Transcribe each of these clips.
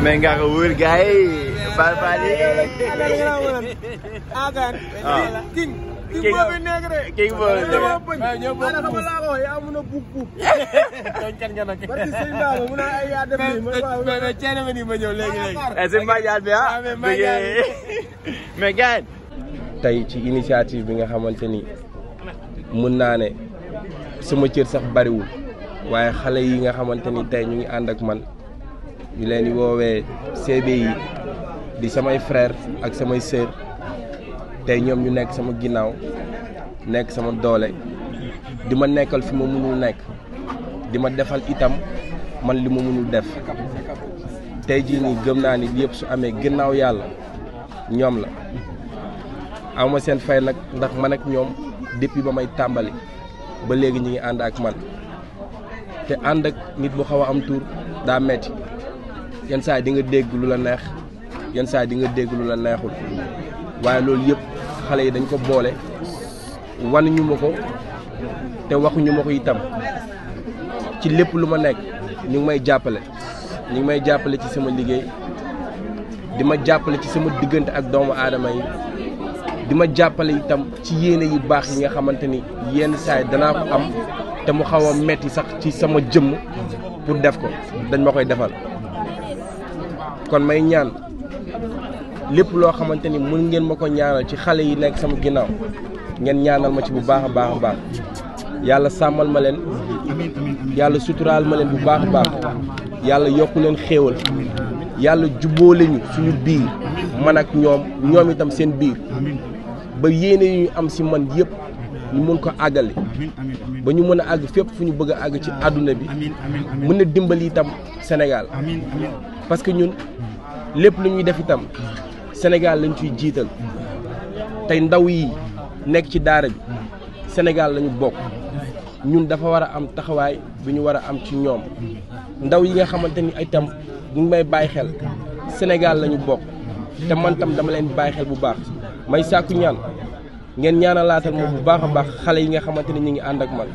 mengganggu guys balik akan king king boy negre king boy ana ko wala ko ya ada bukku toncan ngana ke barki sey muna ay adam ni ma ma tiene ma ni ma ñew legi legi asim ma jaar bi ha mais gaan tey ci initiative ne ni ñu leen di woowee CBI di samay frère ak samay sœur tey ñoom ñu nekk sama ginnaaw nekk sama doole di ma nekkal fi ma mënul nekk di ma defal itam man li ma mënul def tey jii nii gëm naa ni yëpp su amee ginnaaw yàlla ñoom la awma seen fay nag ndax man ak ñoom déppi ba may tàmbali ba léegi ñu ngi ànd ak man te ànd ak nit bu xaw a am tur daa metti yenn saa yi di nga dégg lu la neex yenn saa dinga di dégg lu la neexul waaye loolu yëpp xale yi dañ ko boole wanuñu ma ko te waxuñu ma ko itam ci lépp lu ma nekk ñu may jàppale ñu may jàppale ci sama liggéey di ma jàppale ci sama diggante ak doomu aadama yi di ma jàppale itam ci yéene yu baax yi nga xamante ni yenn saa yi danaa ko am te mu xaw a metti sax ci sama jëmm pour def ko dañ ma koy defal kon may ñaan lépp loo xamante ni mën ngeen ma ko ñaanal ci xale yi nekk sama ginnaaw ngeen ñaanal ma ci bu baax a baax baax yàlla sàmmal ma leen yàlla suturaal ma leen bu baax baax yàlla yokk leen xéewal yàlla jubboole ñu suñu biir man ak ñoom ñoom itam seen biir ba yéene yu ñu am si man yëpp ñu mun ko àggale ba ñu mën a àgg fépp fu ñu bëgg a àgg ci àdduna bi mën a dimbali itam Sénégal parce que ñun lépp lu ñuy def itam Sénégal lañ ciy jiital tey ndaw yi nekk ci daara bi Sénégal lañu bokk ñun dafa war a am taxawaay bi ñu war a am ci ñoom ndaw yi nga xamante ni itam ñu ngi may bàyyi xel Sénégal lañu bokk te man tam dama leen bàyyi xel bu baax may sàkku ñaan ngeen ñaanalaatal ma bu baax a baax xale yi nga xamante ni ñu ngi ànd ak man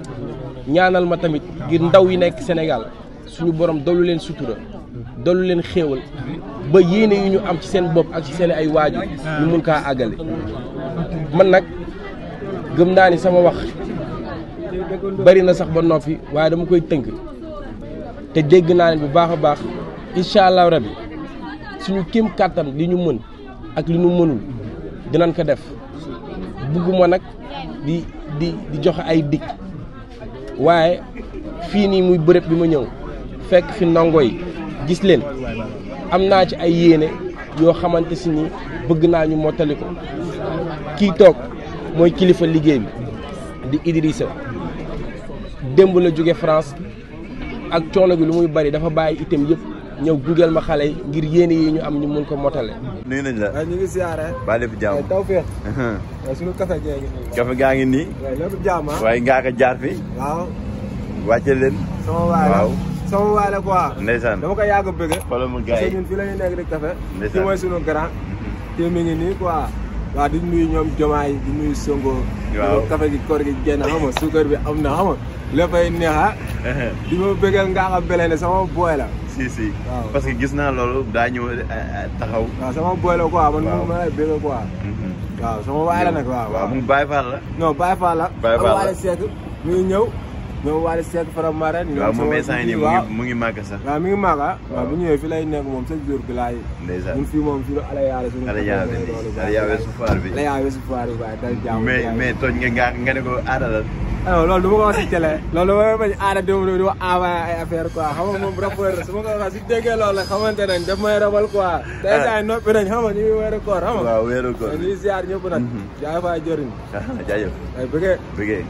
ñaanal ma tamit ngir ndaw yi nekk Sénégal. suñu borom dolu leen sutura dolu leen xéewal ba yéene yu ñu am ci seen bopp ak ci seen ay waajur ñu mun kaa àggale man nag gëm naa ni sama wax bari na sax ba noppi waaye dama koy tënk te dégg naa ne bu baax a baax incha allah rabi suñu kéem kàttan li ñu mën ak li ñu mënul dinañ ko def bugguma nag di di di joxe ay dikk waaye fii nii muy bërëb bi ma ñëw fekk fi nango yi gis leen amna ci ay yene yo xamanteni ni bëgg naa ñu mottali ko kii toog mooy kilifa liggéey bi di Idrissa dembu la jóge France ak coono bi lu muy bari dafa bàyyi itam yëpp ñew google ma xalé ngir yene yi ñu am ñu mun ko motalé nuyu nañ la. ñu ngi ziaré ba def jamm eh, tawfiq hmm uh-huh. eh, suñu kafe gee ni nii. gaangi ni ngi nii. Eh, lépp jàmm ah. waaye ngaa jaar fi. waaw. wàcce len sama waaw. sama waay la quoi. dama ko yàgg a bëgg. xoolal mu gars yi parce que ñun sunu grand. te mi ngi nii quoi. di nuyu ñoom Jomaay di nuyu Sonko. waaw café gi koor gi génn xam bi am na xam nga léppay neexa ah. uh-huh. di ma bëggal nga xam sama booy la. si si waaw parce que gis naa loolu daa ñëw eh, eh, taxaw. waaw sama booy la quoi man moom ma lay bëgg quoi. Mm-hmm. sama waay la nag waaw. waaw mu Baye la. non Baye Fall la. Baye Fall la ak ñëw. ñoom Waly Seck Faramareen. ñoom moom instant yii nii mu ngi màgg sax. waaw mi ngi màgg ah. waaw bu ñëwee fi lay nekk moom chaque jour bi laay. ndeysaan ñun fii moom fii la Alayaale. Alayaale Alayaale su faar bi Alayaale su faar bi waaye dal jàmm. mais mais tooñ nga nga ne ko aada la. alors ah, loolu du ma ko wax si télé loolu dama bañ aada di ma di ma envoyé ay affaire quoi xam nga moom rapport su ma ko waxee si déggee loolu xamante nañ daf may rabal quoi. ah te instant yii noppi nañ xam nga ñu ngi weeru koor xam nga. waaw weeru koor ñu ngi ziar ñëpp nag. Mhm. jaay faay jëriñ. Ah, jaajëf ay bëggee bëggee